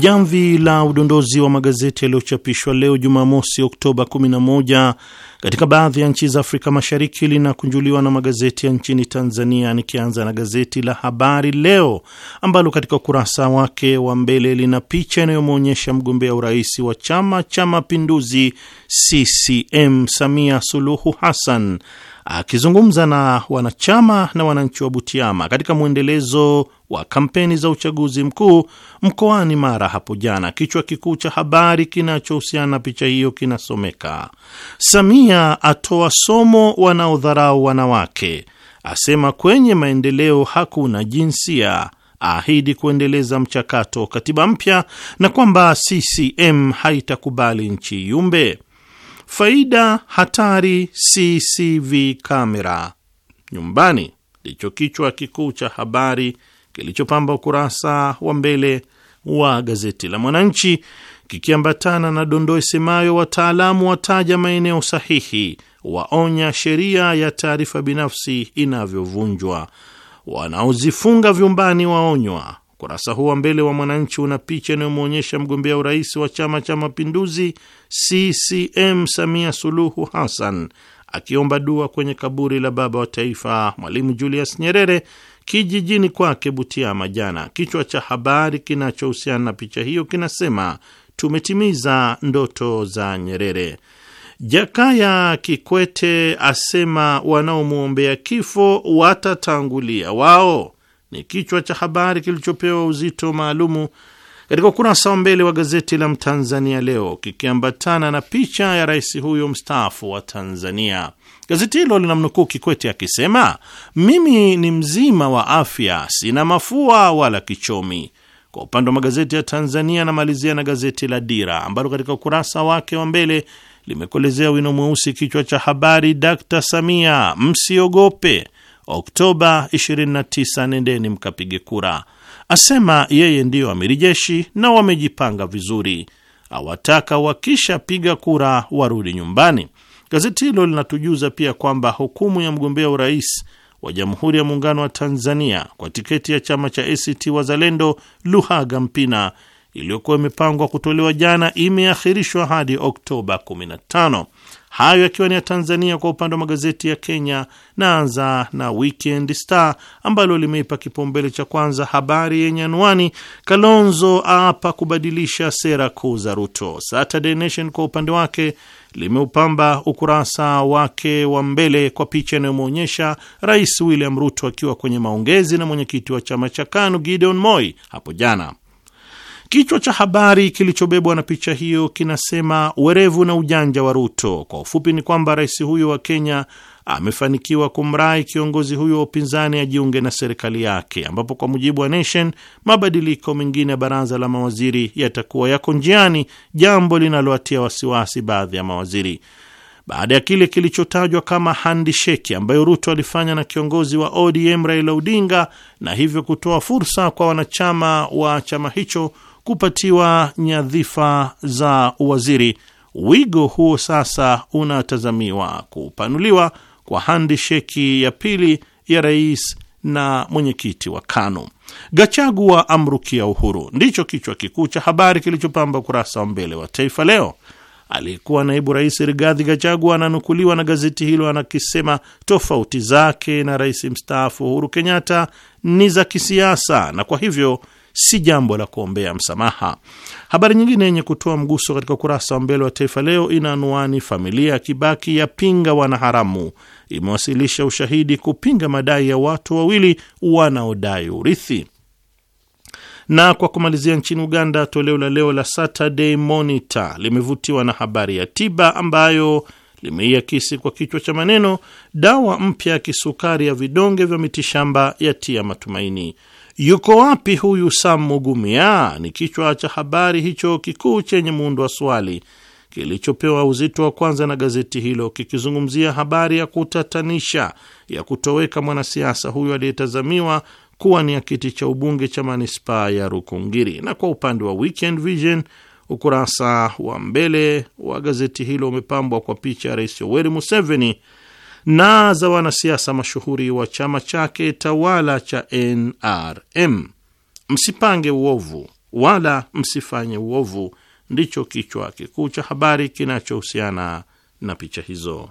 Jamvi la udondozi wa magazeti yaliyochapishwa leo Jumamosi, Oktoba 11 katika baadhi ya nchi za Afrika Mashariki linakunjuliwa na magazeti ya nchini Tanzania, nikianza na gazeti la Habari Leo ambalo katika ukurasa wake wa mbele lina picha inayomwonyesha mgombea urais wa Chama cha Mapinduzi CCM Samia Suluhu Hassan Akizungumza na wanachama na wananchi wa Butiama katika mwendelezo wa kampeni za uchaguzi mkuu mkoani Mara hapo jana, kichwa kikuu cha habari kinachohusiana na picha hiyo kinasomeka: Samia atoa somo wanaodharau wanawake, asema kwenye maendeleo hakuna jinsia, ahidi kuendeleza mchakato wa katiba mpya na kwamba CCM haitakubali nchi yumbe. Faida hatari CCTV kamera nyumbani, ndicho kichwa kikuu cha habari kilichopamba ukurasa wa mbele wa gazeti la Mwananchi, kikiambatana na dondoo isemayo wataalamu wataja maeneo sahihi, waonya sheria ya taarifa binafsi inavyovunjwa, wanaozifunga vyumbani waonywa, Ukurasa huo wa mbele wa Mwananchi una picha inayomwonyesha mgombea urais wa Chama cha Mapinduzi CCM Samia Suluhu Hassan akiomba dua kwenye kaburi la baba wa taifa Mwalimu Julius Nyerere kijijini kwake Butiama jana. Kichwa cha habari kinachohusiana na picha hiyo kinasema tumetimiza ndoto za Nyerere. Jakaya Kikwete asema wanaomwombea kifo watatangulia wao ni kichwa cha habari kilichopewa uzito maalumu katika ukurasa wa mbele wa gazeti la Mtanzania leo kikiambatana na picha ya rais huyo mstaafu wa Tanzania. Gazeti hilo linamnukuu Kikwete akisema, mimi ni mzima wa afya, sina mafua wala kichomi. Kwa upande wa magazeti ya Tanzania, anamalizia na gazeti la Dira ambalo katika ukurasa wake wa mbele limekuelezea wino mweusi kichwa cha habari, Dkt Samia msiogope Oktoba 29 nendeni mkapige kura. Asema yeye ndiyo amiri jeshi na wamejipanga vizuri, awataka wakishapiga kura warudi nyumbani. Gazeti hilo linatujuza pia kwamba hukumu ya mgombea urais wa Jamhuri ya Muungano wa Tanzania kwa tiketi ya chama cha ACT Wazalendo Luhaga Mpina iliyokuwa imepangwa kutolewa jana imeahirishwa hadi Oktoba 15. Hayo yakiwa ni ya Tanzania. Kwa upande wa magazeti ya Kenya, naanza na Weekend Star ambalo limeipa kipaumbele cha kwanza habari yenye anwani Kalonzo aapa kubadilisha sera kuu za Ruto. Saturday Nation kwa upande wake limeupamba ukurasa wake wa mbele kwa picha inayomwonyesha Rais William Ruto akiwa kwenye maongezi na mwenyekiti wa chama cha KANU Gideon Moi hapo jana. Kichwa cha habari kilichobebwa na picha hiyo kinasema werevu na ujanja wa Ruto. Kwa ufupi, ni kwamba rais huyo wa Kenya amefanikiwa kumrai kiongozi huyo wa upinzani ajiunge na serikali yake, ambapo kwa mujibu wa Nation mabadiliko mengine ya baraza la mawaziri yatakuwa yako njiani, jambo linaloatia wasiwasi baadhi ya mawaziri baada ya kile kilichotajwa kama handisheki ambayo Ruto alifanya na kiongozi wa ODM Raila Odinga, na hivyo kutoa fursa kwa wanachama wa chama hicho kupatiwa nyadhifa za uwaziri. Wigo huo sasa unatazamiwa kupanuliwa kwa handisheki ya pili ya rais na mwenyekiti wa KANU. Gachagu wa amrukia uhuru, ndicho kichwa kikuu cha habari kilichopamba ukurasa wa mbele wa Taifa Leo. Aliyekuwa naibu rais Rigathi Gachagua ananukuliwa na gazeti hilo anakisema, tofauti zake na rais mstaafu Uhuru Kenyatta ni za kisiasa na kwa hivyo si jambo la kuombea msamaha. Habari nyingine yenye kutoa mguso katika ukurasa wa mbele wa Taifa Leo ina anwani familia ya Kibaki yapinga wanaharamu, imewasilisha ushahidi kupinga madai ya watu wawili wanaodai urithi na kwa kumalizia, nchini Uganda, toleo la leo la Saturday Monitor limevutiwa na habari ya tiba ambayo limeiakisi kwa kichwa cha maneno, dawa mpya ya kisukari ya vidonge vya mitishamba yatia matumaini. Yuko wapi huyu Sam Mugumia? Ni kichwa cha habari hicho kikuu chenye muundo wa swali kilichopewa uzito wa kwanza na gazeti hilo, kikizungumzia habari ya kutatanisha ya kutoweka mwanasiasa huyo aliyetazamiwa kuwa ni ya kiti cha ubunge cha manispaa ya Rukungiri. Na kwa upande wa Weekend Vision, ukurasa wa mbele wa gazeti hilo umepambwa kwa picha ya Rais Yoweri Museveni na za wanasiasa mashuhuri wa chama chake tawala cha NRM. Msipange uovu wala msifanye uovu, ndicho kichwa kikuu cha habari kinachohusiana na picha hizo.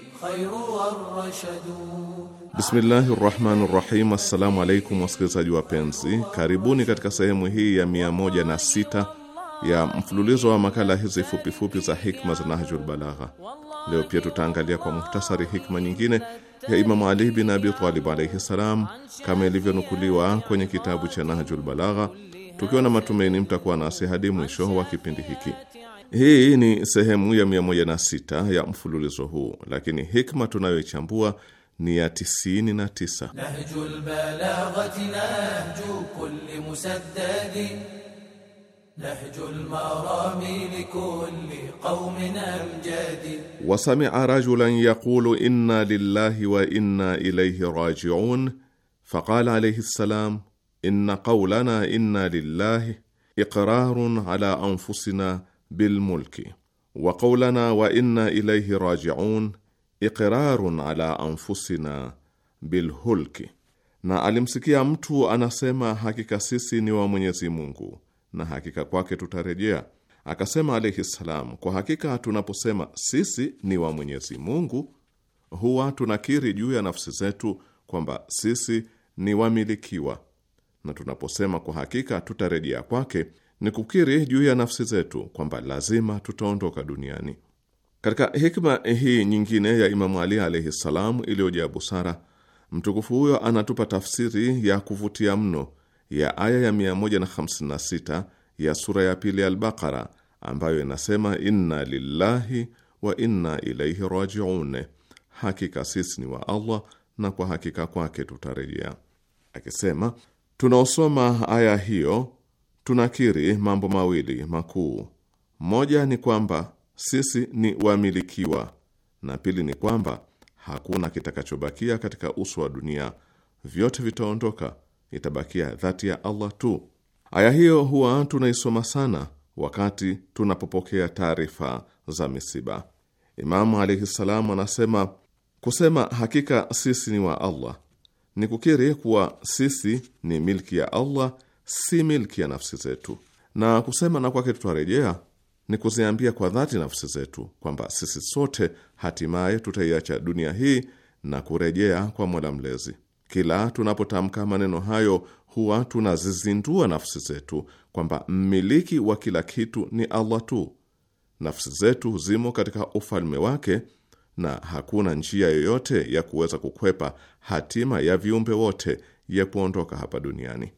Bismillahi rahmani rahim. Assalamu alaikum wasikilizaji wapenzi, karibuni katika sehemu hii ya 16 ya mfululizo wa makala hizi fupifupi za hikma za Nahjul Balagha. Leo pia tutaangalia kwa muhtasari hikma nyingine ya Imamu Ali bin Abi Talib alaihi ssalam, kama ilivyonukuliwa kwenye kitabu cha Nahjul Balagha, tukiwa na matumaini mtakuwa nasi hadi mwisho wa kipindi hiki. Hii ni sehemu ya 106 ya mfululizo huu, lakini hikma tunayoichambua ni ya 99. Nahjul balaghati nahju kulli musaddadi nahjul marami likulli qaumin amjadi wasamia rajulan yaqulu inna lillahi wa inna ilayhi rajiun faqala alayhi salam inna qawlana inna lillahi iqrarun ala anfusina bilmulki wa qaulana wa inna ilayhi rajiun iqrarun ala anfusina bilhulki. Na alimsikia mtu anasema hakika sisi ni wa Mwenyezi Mungu na hakika kwake tutarejea. Akasema alayhi salam, kwa hakika tunaposema sisi ni wa Mwenyezi Mungu huwa tunakiri juu ya nafsi zetu kwamba sisi ni wamilikiwa, na tunaposema kwa hakika tutarejea kwake, ni kukiri juu ya nafsi zetu kwamba lazima tutaondoka duniani. Katika hikma hii nyingine ya Imamu Ali alaihi ssalam iliyojaa busara, mtukufu huyo anatupa tafsiri ya kuvutia mno ya aya ya 156 ya sura ya pili ya Albakara ambayo inasema inna lillahi wa inna ilaihi rajiun, hakika sisi ni wa Allah na kwa hakika kwake tutarejea. Akisema tunaosoma aya hiyo tunakiri mambo mawili makuu: moja ni kwamba sisi ni wamilikiwa, na pili ni kwamba hakuna kitakachobakia katika uso wa dunia, vyote vitaondoka, itabakia dhati ya Allah tu. Aya hiyo huwa tunaisoma sana wakati tunapopokea taarifa za misiba. Imamu alaihi ssalam anasema kusema hakika sisi ni wa Allah ni kukiri kuwa sisi ni milki ya Allah si milki ya nafsi zetu, na kusema na kwake tutarejea ni kuziambia kwa dhati nafsi zetu kwamba sisi sote hatimaye tutaiacha dunia hii na kurejea kwa Mola Mlezi. Kila tunapotamka maneno hayo, huwa tunazizindua nafsi zetu kwamba mmiliki wa kila kitu ni Allah tu. Nafsi zetu zimo katika ufalme wake na hakuna njia yoyote ya kuweza kukwepa hatima ya viumbe wote ya kuondoka hapa duniani.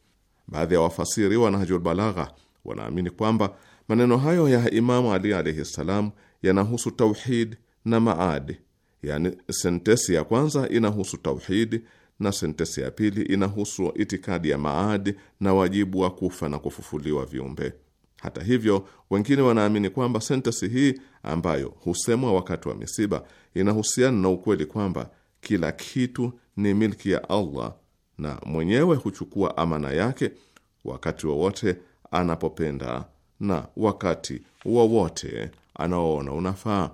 Baadhi ya wafasiri wa Nahjul Balagha wanaamini kwamba maneno hayo ya Imamu Ali alaihi ssalam yanahusu tauhid na maadi, yani sentesi ya kwanza inahusu tauhid na sentesi ya pili inahusu itikadi ya maadi na wajibu wa kufa na kufufuliwa viumbe. Hata hivyo, wengine wanaamini kwamba sentesi hii ambayo husemwa wakati wa misiba inahusiana na ukweli kwamba kila kitu ni milki ya Allah na mwenyewe huchukua amana yake wakati wowote anapopenda na wakati wowote anaoona unafaa.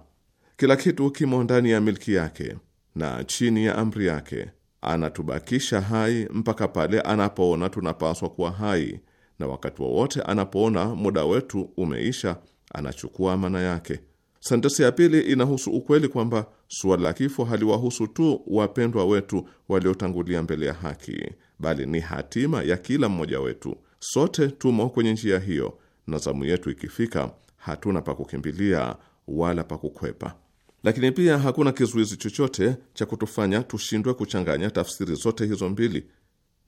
Kila kitu kimo ndani ya milki yake na chini ya amri yake. Anatubakisha hai mpaka pale anapoona tunapaswa kuwa hai, na wakati wowote anapoona muda wetu umeisha, anachukua amana yake. Sentensi ya pili inahusu ukweli kwamba suala la kifo haliwahusu tu wapendwa wetu waliotangulia mbele ya haki, bali ni hatima ya kila mmoja wetu. Sote tumo kwenye njia hiyo, na zamu yetu ikifika, hatuna pa kukimbilia wala pa kukwepa. Lakini pia hakuna kizuizi chochote cha kutufanya tushindwe kuchanganya tafsiri zote hizo mbili,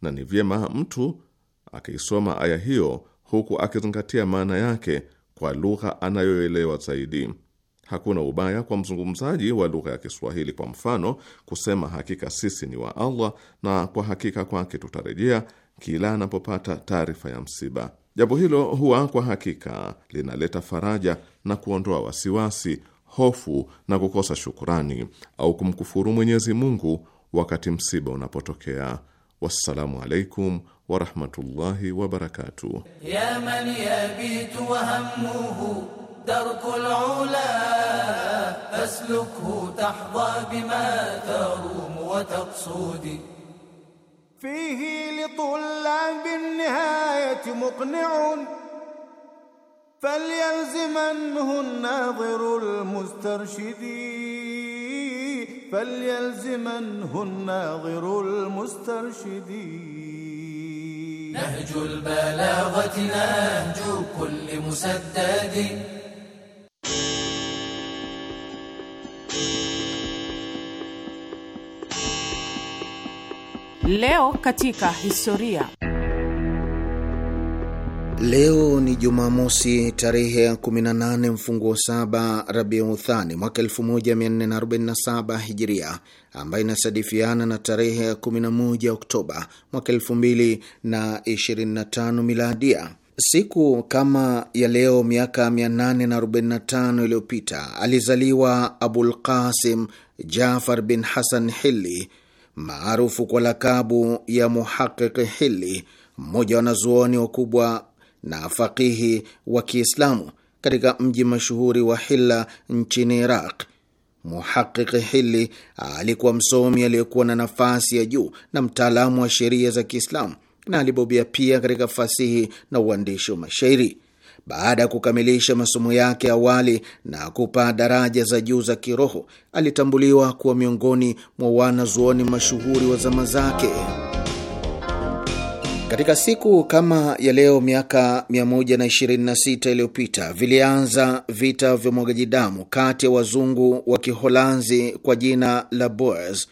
na ni vyema mtu akiisoma aya hiyo huku akizingatia maana yake kwa lugha anayoelewa zaidi. Hakuna ubaya kwa mzungumzaji wa lugha ya Kiswahili, kwa mfano, kusema hakika sisi ni wa Allah na kwa hakika kwake tutarejea, kila anapopata taarifa ya msiba. Jambo hilo huwa kwa hakika linaleta faraja na kuondoa wasiwasi, hofu na kukosa shukurani au kumkufuru Mwenyezi Mungu wakati msiba unapotokea. Wassalamu alaikum warahmatullahi wabarakatuh. درك العلا فاسلكه تحظى بما تروم وتقصد فيه لطلاب النهاية مقنع فليلزمنه الناظر المسترشد فليلزمنه الناظر المسترشد نهج البلاغة نهج كل مسدد Leo katika historia. Leo ni Jumamosi, tarehe ya 18 mfunguo saba Rabiu Thani mwaka 1447 Hijiria, ambayo inasadifiana na tarehe ya 11 Oktoba mwaka 2025 Miladia. Siku kama ya leo miaka 845 iliyopita alizaliwa Abul Qasim Jafar bin Hasan Hili maarufu kwa lakabu ya Muhaqiqi Hili, mmoja wa wanazuoni wakubwa na fakihi wa Kiislamu katika mji mashuhuri wa Hilla nchini Iraq. Muhaqiqi Hili alikuwa msomi aliyekuwa na nafasi ya juu na mtaalamu wa sheria za Kiislamu, na alibobea pia katika fasihi na uandishi wa mashairi. Baada ya kukamilisha masomo yake awali na kupaa daraja za juu za kiroho, alitambuliwa kuwa miongoni mwa wanazuoni mashuhuri wa zama zake. Katika siku kama ya leo miaka 126 iliyopita vilianza vita vya mwagaji damu kati ya wazungu wa Kiholanzi kwa jina la Boers,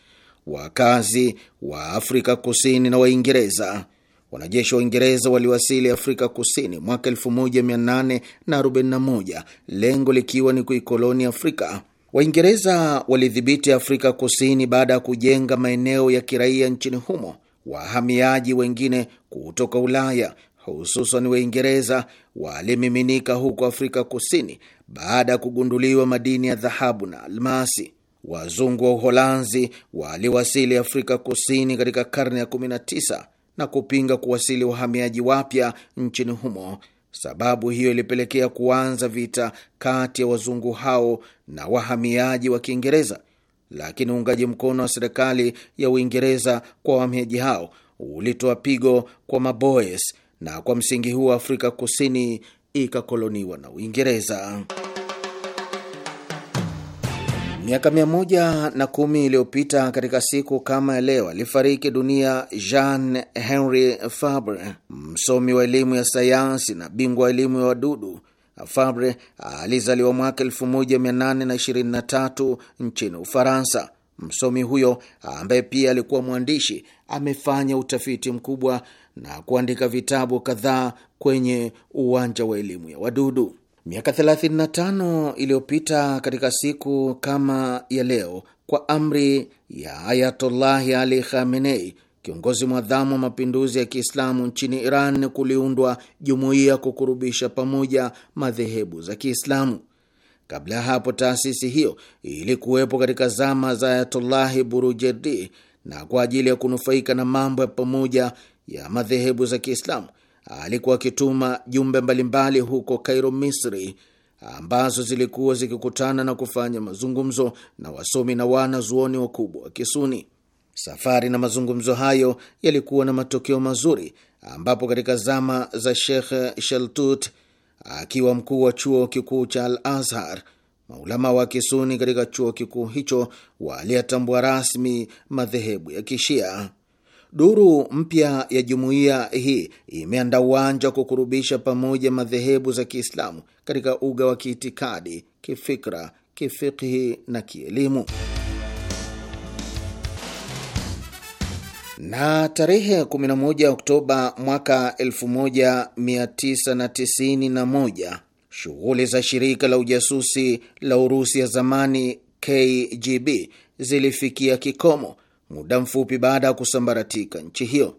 wakazi wa Afrika Kusini na Waingereza. Wanajeshi wa Uingereza waliwasili Afrika Kusini mwaka 1841 lengo likiwa ni kuikoloni Afrika. Waingereza walidhibiti Afrika Kusini baada ya kujenga maeneo ya kiraia nchini humo. Wahamiaji wengine kutoka Ulaya hususan Waingereza walimiminika huko Afrika Kusini baada ya kugunduliwa madini ya dhahabu na almasi. Wazungu wa Uholanzi waliwasili Afrika Kusini katika karne ya 19 na kupinga kuwasili wahamiaji wapya nchini humo. Sababu hiyo ilipelekea kuanza vita kati ya wazungu hao na wahamiaji wa Kiingereza, lakini uungaji mkono wa serikali ya Uingereza kwa wahamiaji hao ulitoa pigo kwa Maboes, na kwa msingi huo Afrika Kusini ikakoloniwa na Uingereza. Miaka mia moja na kumi iliyopita katika siku kama ya leo alifariki dunia Jean Henry Fabre, msomi wa elimu ya sayansi na bingwa wa elimu ya wadudu. Fabre alizaliwa mwaka 1823 nchini Ufaransa. Msomi huyo ambaye pia alikuwa mwandishi amefanya utafiti mkubwa na kuandika vitabu kadhaa kwenye uwanja wa elimu ya wadudu. Miaka 35 iliyopita katika siku kama ya leo, kwa amri ya Ayatollahi Ali Khamenei, kiongozi mwadhamu wa mapinduzi ya Kiislamu nchini Iran, kuliundwa jumuiya kukurubisha pamoja madhehebu za Kiislamu. Kabla ya hapo, taasisi hiyo ilikuwepo katika zama za Ayatollahi Burujerdi na kwa ajili ya kunufaika na mambo ya pamoja ya madhehebu za Kiislamu alikuwa akituma jumbe mbalimbali huko Kairo, Misri, ambazo zilikuwa zikikutana na kufanya mazungumzo na wasomi na wanazuoni wakubwa wa Kisuni. Safari na mazungumzo hayo yalikuwa na matokeo mazuri, ambapo katika zama za Shekh sheltut akiwa mkuu wa chuo kikuu cha Al Azhar, maulama wa Kisuni katika chuo kikuu hicho waliyatambua rasmi madhehebu ya Kishia. Duru mpya ya jumuiya hii imeanda uwanja wa kukurubisha pamoja madhehebu za Kiislamu katika uga wa kiitikadi, kifikra, kifikhi na kielimu. Na tarehe 11 Oktoba mwaka 1991 shughuli za shirika la ujasusi la Urusi ya zamani KGB zilifikia kikomo muda mfupi baada ya kusambaratika nchi hiyo.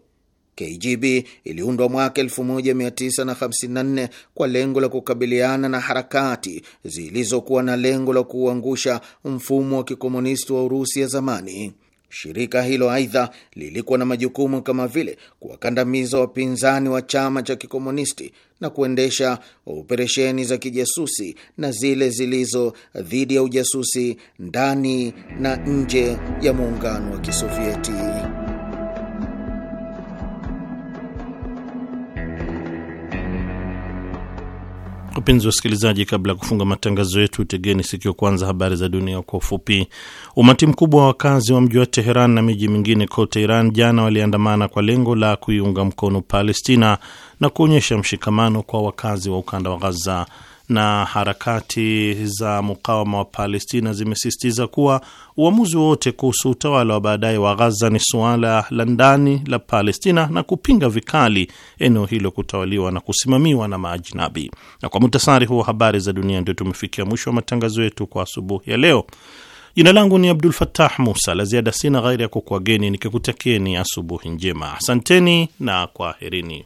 KGB iliundwa mwaka 1954 kwa lengo la kukabiliana na harakati zilizokuwa na lengo la kuuangusha mfumo wa kikomunisti wa Urusi ya zamani. Shirika hilo aidha lilikuwa na majukumu kama vile kuwakandamiza wapinzani wa chama cha kikomunisti na kuendesha operesheni za kijasusi na zile zilizo dhidi ya ujasusi ndani na nje ya muungano wa Kisovieti. Wapenzi wasikilizaji, kabla ya kufunga matangazo yetu, tegeni sikio kwanza habari za dunia kwa ufupi. Umati mkubwa wa wakazi wa mji wa Teheran na miji mingine kote Iran jana waliandamana kwa lengo la kuiunga mkono Palestina na kuonyesha mshikamano kwa wakazi wa ukanda wa Ghaza na harakati za mukawama wa Palestina zimesisitiza kuwa uamuzi wowote kuhusu utawala wa baadaye wa Ghaza ni suala la ndani la Palestina na kupinga vikali eneo hilo kutawaliwa na kusimamiwa na maajinabi. Na kwa mutasari huo habari za dunia, ndio tumefikia mwisho wa matangazo yetu kwa asubuhi ya leo. Jina langu ni Abdul fatah Musa. La ziada sina ghairi ya kukuageni nikikutakieni asubuhi njema. Asanteni na kwaherini.